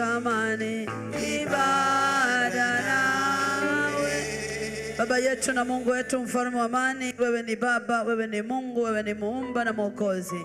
tunatamani ibada nawe. Baba yetu na Mungu wetu, mfalme wa amani, wewe ni Baba, wewe ni Mungu, wewe ni muumba na Mwokozi,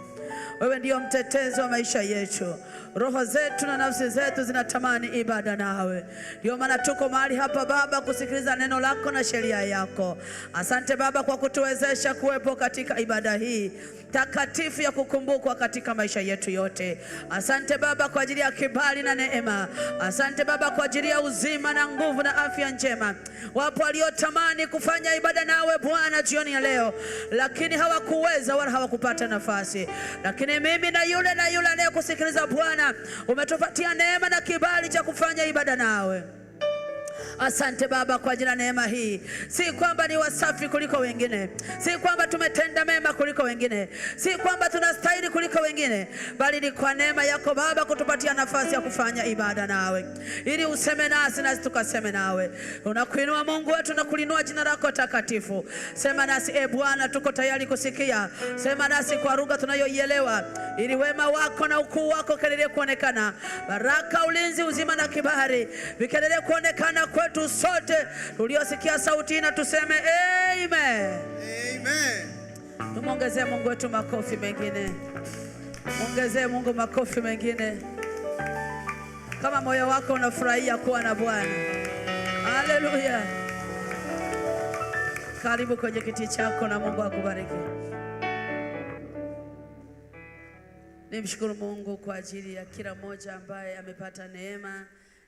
wewe ndio mtetezi wa maisha yetu roho zetu na nafsi zetu zinatamani ibada nawe. Ndio maana tuko mahali hapa Baba, kusikiliza neno lako na sheria yako. Asante Baba kwa kutuwezesha kuwepo katika ibada hii takatifu ya kukumbukwa katika maisha yetu yote. Asante Baba kwa ajili ya kibali na neema. Asante Baba kwa ajili ya uzima na nguvu na afya njema. Wapo waliotamani kufanya ibada nawe Bwana jioni ya leo, lakini hawakuweza wala hawakupata nafasi. Lakini mimi na yule na yule anayekusikiliza Bwana Bwana umetupatia neema na kibali cha kufanya ibada nawe. Asante Baba kwa ajili ya neema hii, si kwamba ni wasafi kuliko wengine, si kwamba tumetenda mema kuliko wengine, si kwamba tunastahili kuliko wengine, bali ni kwa neema yako Baba kutupatia nafasi ya kufanya ibada nawe, ili useme nasi nasi tukaseme nawe. Unakuinua Mungu wetu na kulinua jina lako takatifu. Sema nasi e Bwana, tuko tayari kusikia. Sema nasi kwa lugha tunayoielewa, ili wema wako na ukuu wako kelele kuonekana, baraka, ulinzi, uzima na kibali vikelele kuonekana kwe wetu sote tuliosikia sauti na tuseme amen. Amen. Tumwongezee Mungu wetu makofi mengine, mwongezee Mungu makofi mengine, kama moyo wako unafurahia kuwa na Bwana. Haleluya! Karibu kwenye kiti chako na Mungu akubariki. Nimshukuru Mungu kwa ajili ya kila mmoja ambaye amepata neema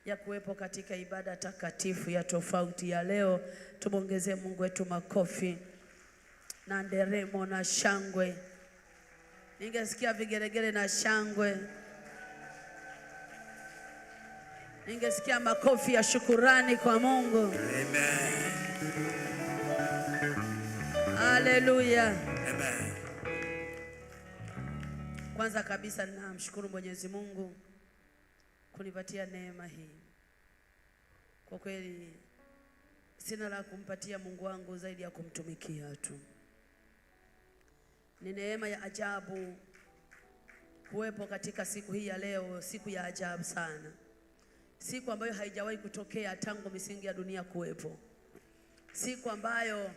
ya kuwepo katika ibada takatifu ya tofauti ya leo. tumwongeze Mungu wetu makofi na nderemo na shangwe. Ningesikia vigeregere na shangwe, ningesikia makofi ya shukurani kwa Mungu. Haleluya! Kwanza kabisa ninamshukuru Mwenyezi Mungu kunipatia neema hii. Kwa kweli sina la kumpatia Mungu wangu zaidi ya kumtumikia tu. Ni neema ya ajabu kuwepo katika siku hii ya leo, siku ya ajabu sana, siku ambayo haijawahi kutokea tangu misingi ya dunia kuwepo, siku ambayo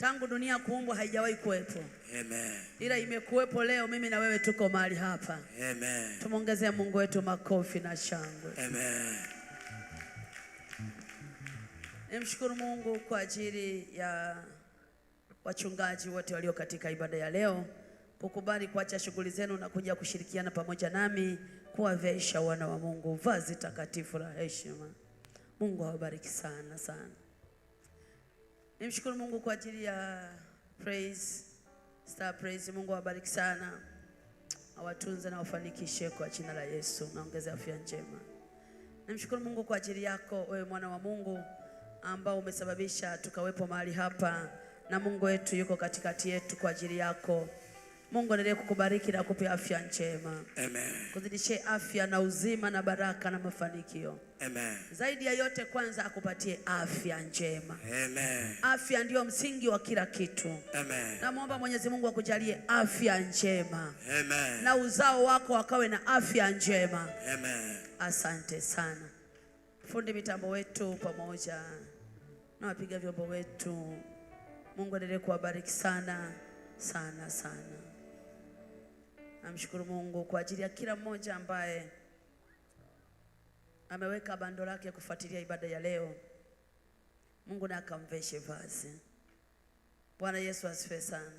tangu dunia kuumbwa haijawahi kuwepo. Amen. Ila imekuwepo leo, mimi na wewe tuko mahali hapa. Amen. Mungu wetu makofi na shangwe. Amen. Nimshukuru Mungu kwa ajili ya wachungaji wote walio katika ibada ya leo kukubali kuacha shughuli zenu na kuja kushirikiana pamoja nami kuwavisha wana wa Mungu vazi takatifu la heshima. Mungu awabariki sana sana. Nimshukuru Mungu kwa ajili ya praise Star Praise. Mungu awabariki sana, awatunze na wafanikishe kwa jina la Yesu, naongeze afya njema. Nimshukuru Mungu kwa ajili yako wewe mwana wa Mungu ambao umesababisha tukawepo mahali hapa, na Mungu wetu yuko katikati yetu kwa ajili yako. Mungu endelee kukubariki na kukupa afya njema. Amen. Kuzidishie afya na uzima na baraka na mafanikio. Amen. Zaidi ya yote kwanza akupatie afya njema. Amen. Afya ndiyo msingi wa kila kitu. Amen. Namwomba Mwenyezi Mungu akujalie afya njema. Amen. Na uzao wako wakawe na afya njema. Amen. Asante sana. Fundi mitambo wetu pamoja na wapiga vyombo wetu. Mungu endelee kuwabariki sana sana sana. Namshukuru Mungu kwa ajili ya kila mmoja ambaye ameweka bando lake kufuatilia ibada ya leo. Mungu na akamveshe vazi. Bwana Yesu asifiwe sana.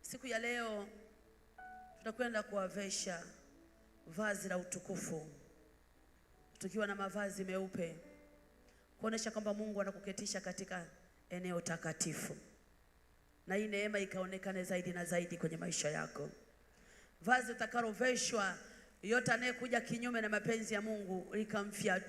Siku ya leo tutakwenda kuwavesha vazi la utukufu, tukiwa na mavazi meupe kuonesha kwamba Mungu anakuketisha katika eneo takatifu, na hii neema ikaonekane zaidi na zaidi kwenye maisha yako vazi utakaloveshwa yote anayekuja kinyume na mapenzi ya Mungu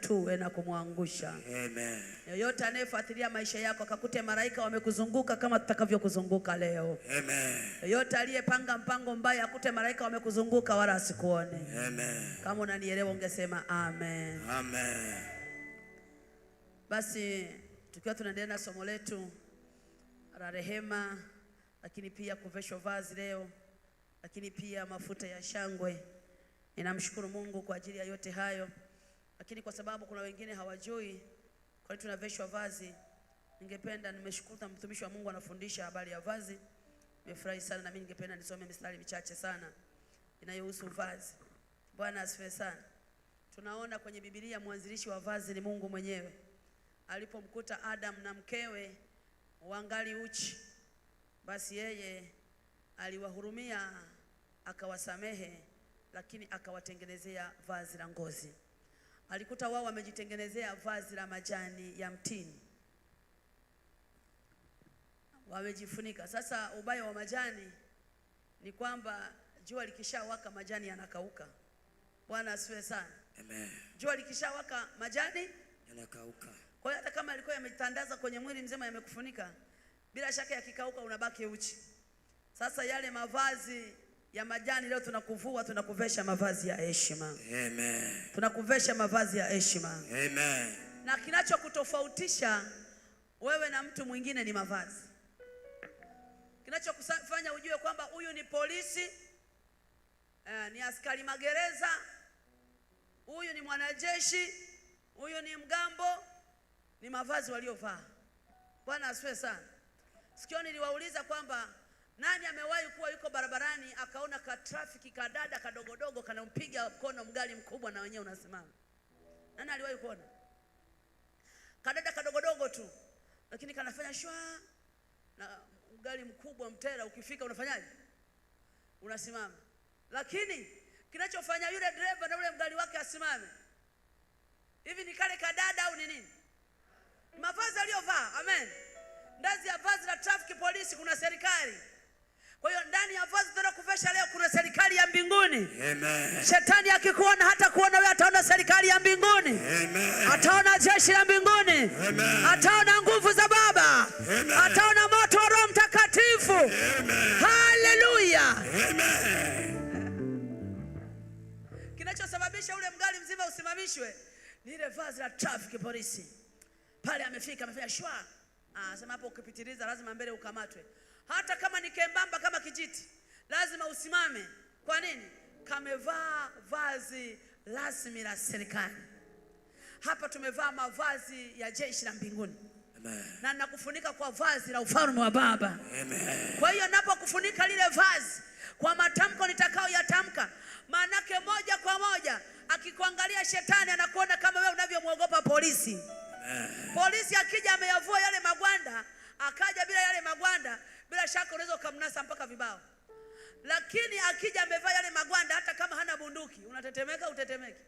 tu na kumwangusha. Amen. Yoyote anayefuatilia maisha yako akakute malaika wamekuzunguka kama tutakavyokuzunguka leo. Amen. Yoyote aliyepanga mpango mbaya akute malaika wamekuzunguka wala asikuone. Amen. Kama unanielewa ungesema amen. Amen. Basi tukiwa tunaendelea na somo letu la rehema, lakini pia kuveshwa vazi leo lakini pia mafuta ya shangwe. Ninamshukuru Mungu kwa ajili ya yote hayo, lakini kwa sababu kuna wengine hawajui, kwa hiyo tunaveshwa vazi. Ningependa, nimeshukuru mtumishi wa Mungu anafundisha habari ya vazi, nimefurahi sana, na mimi ningependa nisome mistari michache sana inayohusu vazi. Bwana asifiwe sana. Tunaona kwenye Biblia mwanzilishi wa vazi ni Mungu mwenyewe alipomkuta Adam na mkewe wangali uchi, basi yeye aliwahurumia akawasamehe, lakini akawatengenezea vazi la ngozi. Alikuta wao wamejitengenezea vazi la majani ya mtini, wamejifunika. Sasa ubaya wa majani ni kwamba jua likishawaka majani yanakauka. Bwana asiwe sana. Amen. Jua likishawaka majani yanakauka. Kwa hiyo hata kama alikuwa yametandaza kwenye mwili mzima yamekufunika, bila shaka yakikauka unabaki uchi. Sasa yale mavazi ya majani leo tunakuvua, tunakuvesha mavazi ya heshima. Amen. Tunakuvesha mavazi ya heshima. Amen. Na kinachokutofautisha wewe na mtu mwingine ni mavazi. Kinachokufanya ujue kwamba huyu ni polisi, eh, ni askari magereza, huyu ni mwanajeshi, huyu ni mgambo, ni mavazi waliovaa. Bwana asifiwe sana. Sikioni niliwauliza kwamba nani amewahi kuwa yuko barabarani akaona ka trafiki kadada kadogodogo kanampiga mkono mgali mkubwa na wenyewe unasimama? Nani aliwahi kuona kadada kadogodogo tu, lakini kanafanya shwa na mgali mkubwa mtera, ukifika unafanyaje? Unasimama. Lakini kinachofanya yule dereva na ule mgali wake asimame hivi ni kale kadada au ni nini? Mavazi aliyovaa. Amen. Ndani ya vazi la traffic polisi kuna serikali. Kwa hiyo ndani ya vazi kuvesha leo kuna serikali ya mbinguni. Amen. Shetani akikuona hata kuona wewe, ataona serikali ya mbinguni. Amen. Ataona jeshi la mbinguni. Amen. Ataona nguvu za Baba. Amen. Ataona moto wa Roho Mtakatifu. Amen. Haleluya. Amen. Kinachosababisha ule mgali mzima usimamishwe ni ile vazi la traffic polisi. Pale amefika amefanya shwa. Ah, sema hapo ukipitiliza lazima mbele ukamatwe hata kama ni kembamba kama kijiti, lazima usimame. Kwa nini? Kamevaa vazi rasmi la serikali. Hapa tumevaa mavazi ya jeshi la mbinguni na nakufunika kwa vazi la ufalme wa Baba Amen. Kwa hiyo napokufunika lile vazi kwa matamko nitakao yatamka, maanake moja kwa moja akikuangalia shetani anakuona kama wewe unavyomwogopa polisi Amen. Polisi akija ameyavua yale magwanda, akaja bila yale magwanda bila shaka unaweza ukamnasa mpaka vibao, lakini akija amevaa yale magwanda, hata kama hana bunduki, unatetemeka utetemeke.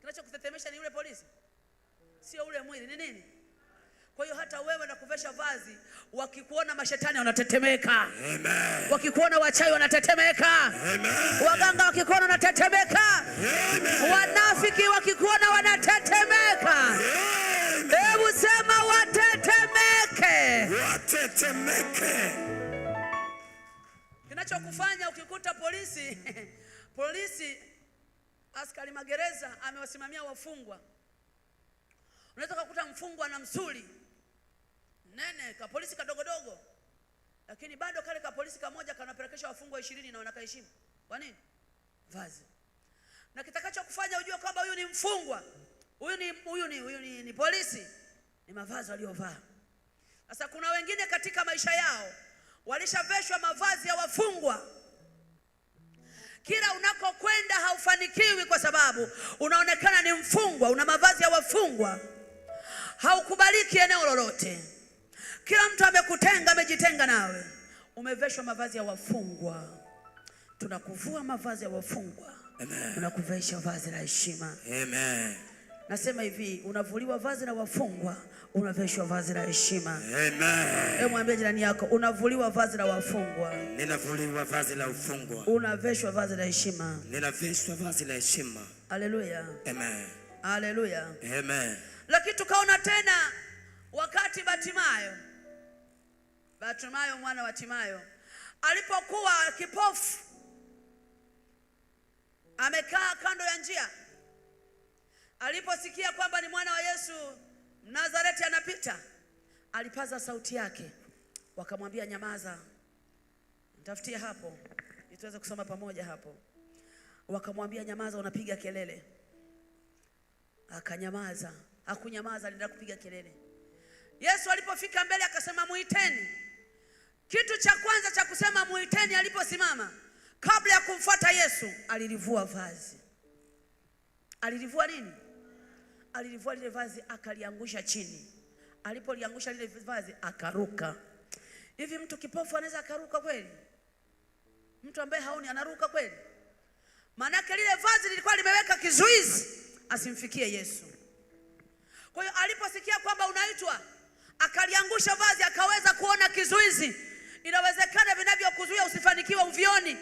Kinachokutetemesha ni yule polisi, sio ule mwili, ni nini? Kwa hiyo hata wewe na kuvesha vazi, wakikuona mashetani wanatetemeka, wakikuona wachawi wanatetemeka, waganga wakikuona wanatetemeka, wanafiki wakikuona wanatetemeka. Hebu sema watetemeke, watetemeke. Kinachokufanya ukikuta polisi polisi, askari magereza amewasimamia wafungwa, unaweza kukuta mfungwa na msuli nene kapolisi kadogodogo, lakini bado kale polisi kamoja kanapelekesha wafungwa ishirini na wanakaheshimu. Kwa nini? Vazi na kitakachokufanya ujue kwamba huyu ni mfungwa huyu ni, huyu ni, huyu ni, ni polisi, ni mavazi waliovaa. Sasa kuna wengine katika maisha yao walishaveshwa mavazi ya wafungwa. Kila unakokwenda haufanikiwi, kwa sababu unaonekana ni mfungwa, una mavazi ya wafungwa, haukubaliki eneo lolote. Kila mtu amekutenga, amejitenga nawe, umeveshwa mavazi ya wafungwa. Tunakuvua mavazi ya wafungwa, tunakuvesha vazi la heshima. Amen. Nasema hivi, unavuliwa vazi la wafungwa, unaveshwa vazi la heshima. Amen. Hebu mwambie jirani yako, unavuliwa vazi la wafungwa. Ninavuliwa vazi la ufungwa. Unaveshwa vazi la heshima. Ninaveshwa vazi la heshima. Haleluya. Amen. Haleluya. Amen. Lakini tukaona tena wakati Batimayo Batimayo mwana wa Timayo alipokuwa kipofu amekaa kando ya njia Aliposikia kwamba ni mwana wa Yesu Nazareti anapita, alipaza sauti yake, wakamwambia nyamaza. Nitafutie hapo ili tuweze kusoma pamoja hapo. Wakamwambia nyamaza, unapiga kelele. Akanyamaza, hakunyamaza, aliendelea kupiga kelele. Yesu alipofika mbele akasema, muiteni. Kitu cha kwanza cha kusema muiteni, aliposimama kabla ya kumfuata Yesu alilivua vazi. Alilivua nini? alilivua lile vazi akaliangusha chini. Alipoliangusha lile vazi akaruka. Hivi mtu kipofu anaweza akaruka kweli? Mtu ambaye haoni anaruka kweli? Maanake lile vazi lilikuwa limeweka kizuizi asimfikie Yesu. Kwa hiyo aliposikia kwamba unaitwa, akaliangusha vazi akaweza kuona kizuizi. Inawezekana vinavyokuzuia usifanikiwe uvioni.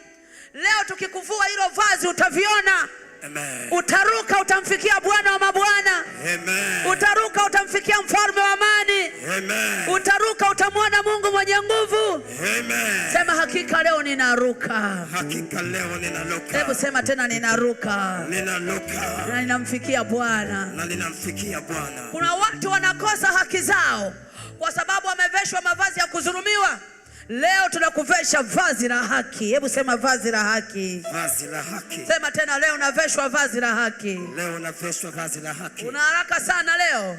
Leo tukikuvua hilo vazi utaviona. Utaruka utamfikia Bwana wa mabwana. Utaruka utamfikia mfalme wa amani. Utaruka utamwona Mungu mwenye nguvu. Sema hakika leo ninaruka. Hakika leo ninaruka. Hebu sema tena ninaruka. Ninaruka. Na ninamfikia Bwana. Na ninamfikia Bwana. Kuna watu wanakosa haki zao kwa sababu wameveshwa mavazi ya kudhulumiwa. Leo tunakuvesha vazi la haki. Hebu sema vazi la haki. Vazi la haki. Sema tena leo unaveshwa vazi la haki. Leo unaveshwa vazi la haki. Una haraka sana leo.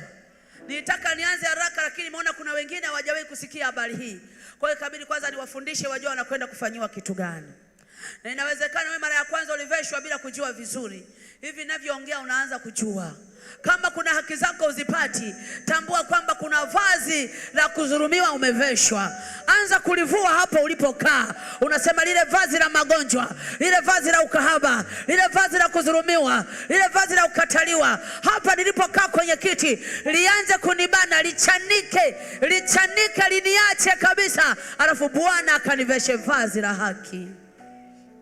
Nilitaka nianze haraka lakini nimeona kuna wengine hawajawahi kusikia habari hii. Kwa hiyo kabidi kwanza niwafundishe wajua wanakwenda kufanyiwa kitu gani na inawezekana wewe mara ya kwanza uliveshwa bila kujua vizuri. Hivi ninavyoongea unaanza kujua kama kuna haki zako uzipati, tambua kwamba kuna vazi la kudhulumiwa umeveshwa. Anza kulivua hapo ulipokaa, unasema lile vazi la magonjwa, lile vazi la ukahaba, lile vazi la kudhulumiwa, lile vazi la kukataliwa, hapa nilipokaa kwenye kiti lianze kunibana, lichanike, lichanike, liniache kabisa, alafu Bwana akaniveshe vazi la haki.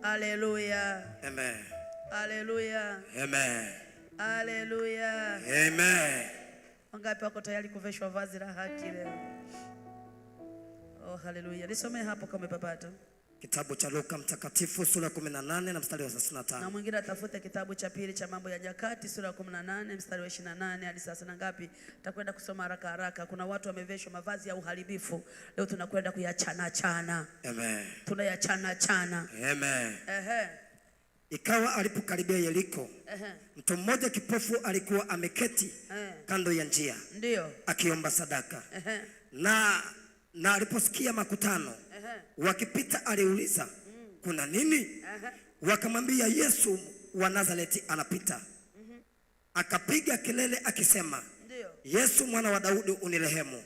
Alléluia. Amen. Alléluia. Amen. Alléluia. Amen. Wangapi wako tayari kuveshwa vazi la haki leo? Oh, haleluya. Nisomee hapo kama umepapata. Kitabu cha Luka mtakatifu sura ya 18 na mstari wa 35. Na mwingine atafuta kitabu cha pili cha mambo ya nyakati sura ya 18 mstari wa 28 hadi sasa na ngapi? Tutakwenda kusoma haraka haraka. Kuna watu wameveshwa mavazi ya uharibifu. Leo tunakwenda kuyachana chana. Amen. Tunayachana chana. Amen. Ehe. Ikawa alipokaribia Yeriko, mtu mmoja kipofu alikuwa ameketi Ehe. kando ya njia. Ndio. Akiomba sadaka. Ehe. Na na aliposikia makutano Wakipita aliuliza kuna nini? Uh-huh. Wakamwambia Yesu wa Nazareti anapita. Mm-hmm. Akapiga kelele akisema, Yesu mwana wa Daudi unirehemu.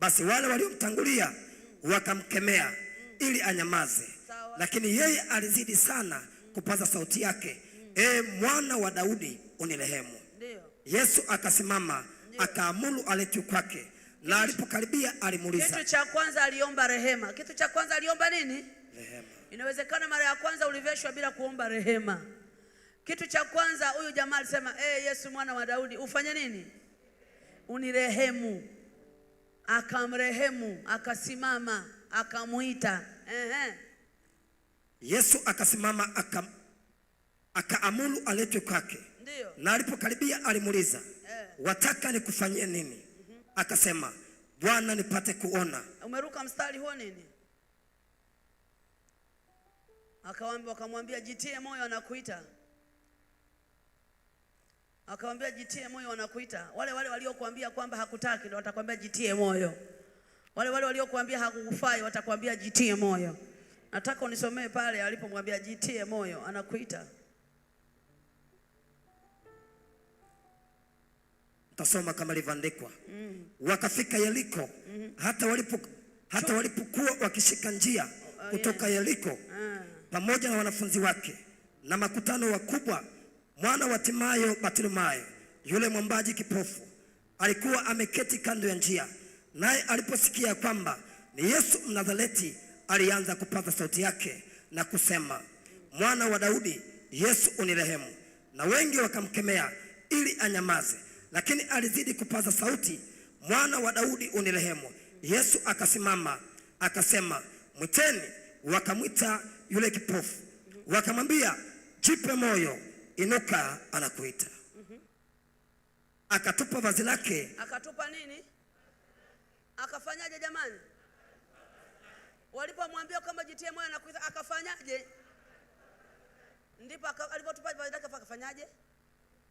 Basi wale waliomtangulia wakamkemea mm. ili anyamaze, lakini yeye alizidi sana kupaza sauti yake, E mwana wa Daudi unirehemu. Yesu akasimama akaamulu aletwe kwake na alipokaribia alimuuliza. Kitu cha kwanza aliomba rehema. Kitu cha kwanza aliomba nini? Rehema. Inawezekana mara ya kwanza uliveshwa bila kuomba rehema. Kitu cha kwanza huyu jamaa alisema, "Eh, Yesu mwana wa Daudi, ufanye nini? Unirehemu." Akamrehemu, akasimama, akamuita. Ehe. Yesu akasimama akam, akaamuru aletwe kwake. Ndio. Na alipokaribia alimuuliza, eh. "Wataka nikufanyie nini?" akasema, Bwana nipate kuona. Umeruka mstari huo nini? wakamwambia jitie moyo, anakuita. Akamwambia jitie moyo, anakuita. Wale wale waliokuambia kwamba hakutaki ndio watakwambia jitie moyo. Wale wale waliokuambia hakukufai watakwambia jitie moyo. Nataka unisomee pale alipomwambia jitie moyo, anakuita. Tasoma kama ilivyoandikwa. Mm. Wakafika Yeriko. Mm. Hata walipo hata walipokuwa wakishika njia oh, oh, kutoka yeah. Yeriko ah. pamoja na wanafunzi wake na makutano wakubwa, mwana wa Timayo Bartimayo yule mwombaji kipofu alikuwa ameketi kando ya njia, naye aliposikia kwamba ni Yesu Mnazareti, alianza kupaza sauti yake na kusema, mwana wa Daudi, Yesu unirehemu. Na wengi wakamkemea ili anyamaze lakini alizidi kupaza sauti, mwana wa Daudi unirehemu. Yesu akasimama akasema, mwiteni. Wakamwita yule kipofu, wakamwambia, jipe moyo, inuka, anakuita. Akatupa vazi lake, akatupa nini? Akafanyaje jamani? Walipomwambia kama jitie moyo kuita, akafanyaje? Ndipo alipotupa vazi lake, akafanyaje?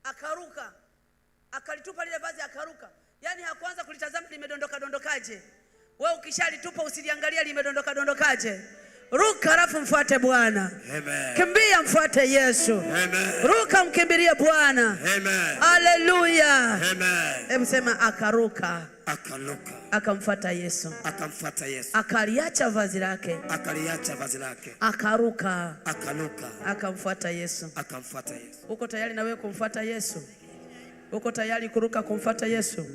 Akaruka akalitupa lile vazi akaruka, yaani hakuanza kulitazama limedondoka dondokaje. Wewe ukishalitupa usiliangalia limedondoka dondokaje. Ruka alafu mfuate Bwana, kimbia mfuate Yesu. Amen. Ruka mkimbilie Bwana. Haleluya, hebu sema akaruka akaluka akamfuata Yesu, akamfuata Yesu, akaliacha vazi lake, akaliacha vazi lake, akaruka akaluka akamfuata Yesu, akamfuata Yesu. Uko tayari na wewe kumfuata Yesu? Uko tayari kuruka kumfata Yesu?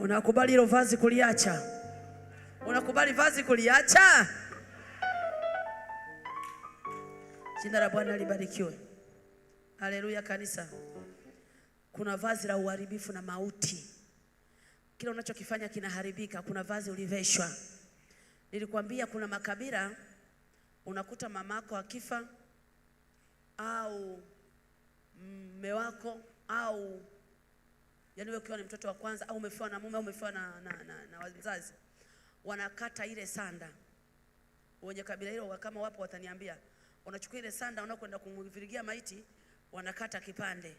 Unakubali hilo vazi kuliacha? Unakubali vazi kuliacha? Jina la Bwana libarikiwe. Haleluya kanisa. Kuna vazi la uharibifu na mauti. Kila unachokifanya kinaharibika. Kuna vazi uliveshwa. Nilikwambia kuna makabila unakuta mamako akifa au mme wako au Yaani wewe ukiwa ni mtoto wa kwanza au umefiwa na mume au umefiwa na, na, na, na wazazi wanakata ile sanda. Wenye kabila hilo kama wapo wataniambia, wanachukua ile sanda wanakwenda kumvirigia maiti, wanakata kipande,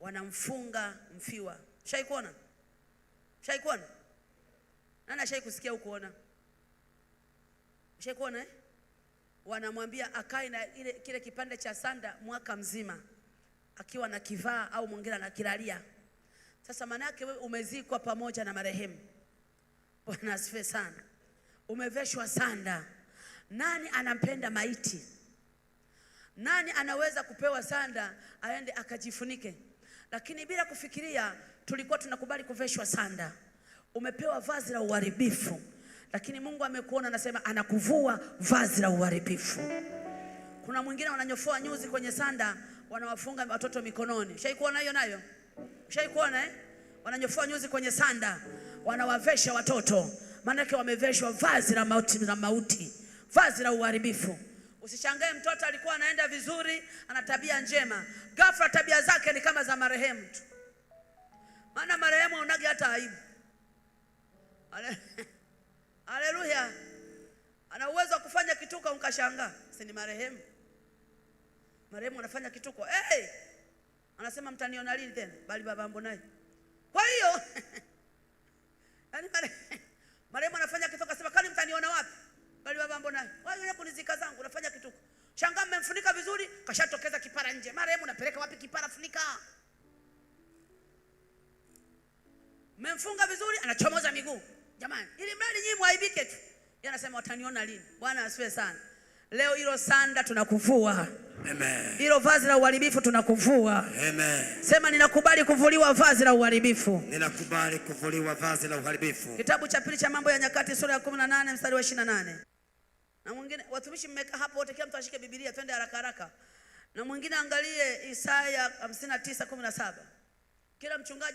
wanamfunga mfiwa. Shai kuona? Shai kuona? Nani shai kusikia ukuona? Shai kuona eh? Wanamwambia akae na ile kile kipande cha sanda mwaka mzima, akiwa na kivaa au mwingine anakilalia. Sasa manake wewe umezikwa pamoja na marehemu. Bwana asifiwe sana. Umeveshwa sanda. Nani anampenda maiti? Nani anaweza kupewa sanda aende akajifunike? Lakini bila kufikiria tulikuwa tunakubali kuveshwa sanda. Umepewa vazi la uharibifu, lakini Mungu amekuona, anasema anakuvua vazi la uharibifu. Kuna mwingine wananyofoa nyuzi kwenye sanda, wanawafunga watoto mikononi. Shaikuona hiyo nayo? Ushaikuona eh? Wananyofua nyuzi kwenye sanda, wanawavesha watoto, maanake wameveshwa vazi la mauti, la mauti, vazi la uharibifu. Usishangae mtoto alikuwa anaenda vizuri, ana tabia njema, ghafla tabia zake ni kama za marehemu tu, maana marehemu haunagi hata aibu. Haleluya! ana uwezo wa kufanya kituko, unkashangaa si ni marehemu. Marehemu anafanya kituko hey! anasema mtaniona lini tena bali baba naye. Kwa hiyo yaani marehemu anafanya kituko, asema kani mtaniona wapi? Bali baba mbonaje? Wewe yule nizika zangu unafanya kituko. Shangaa mmemfunika vizuri, kashatokeza kipara nje. Marehemu unapeleka wapi kipara? Funika. Mmemfunga vizuri, anachomoza miguu. Jamani, ili mradi nyinyi mwaibike tu. Yeye anasema wataniona lini? Bwana asifiwe sana. Leo hilo sanda tunakuvua hilo vazi la uharibifu tunakuvua. Amen. Sema ninakubali kuvuliwa vazi la uharibifu. Ninakubali kuvuliwa vazi la uharibifu. Kitabu cha pili cha Mambo ya Nyakati sura ya 18 mstari wa 28. Na mwingine watumishi mmeka hapo wote, kila mtu ashike Biblia, twende haraka haraka, na mwingine angalie Isaya 59:17. Kila mchungaji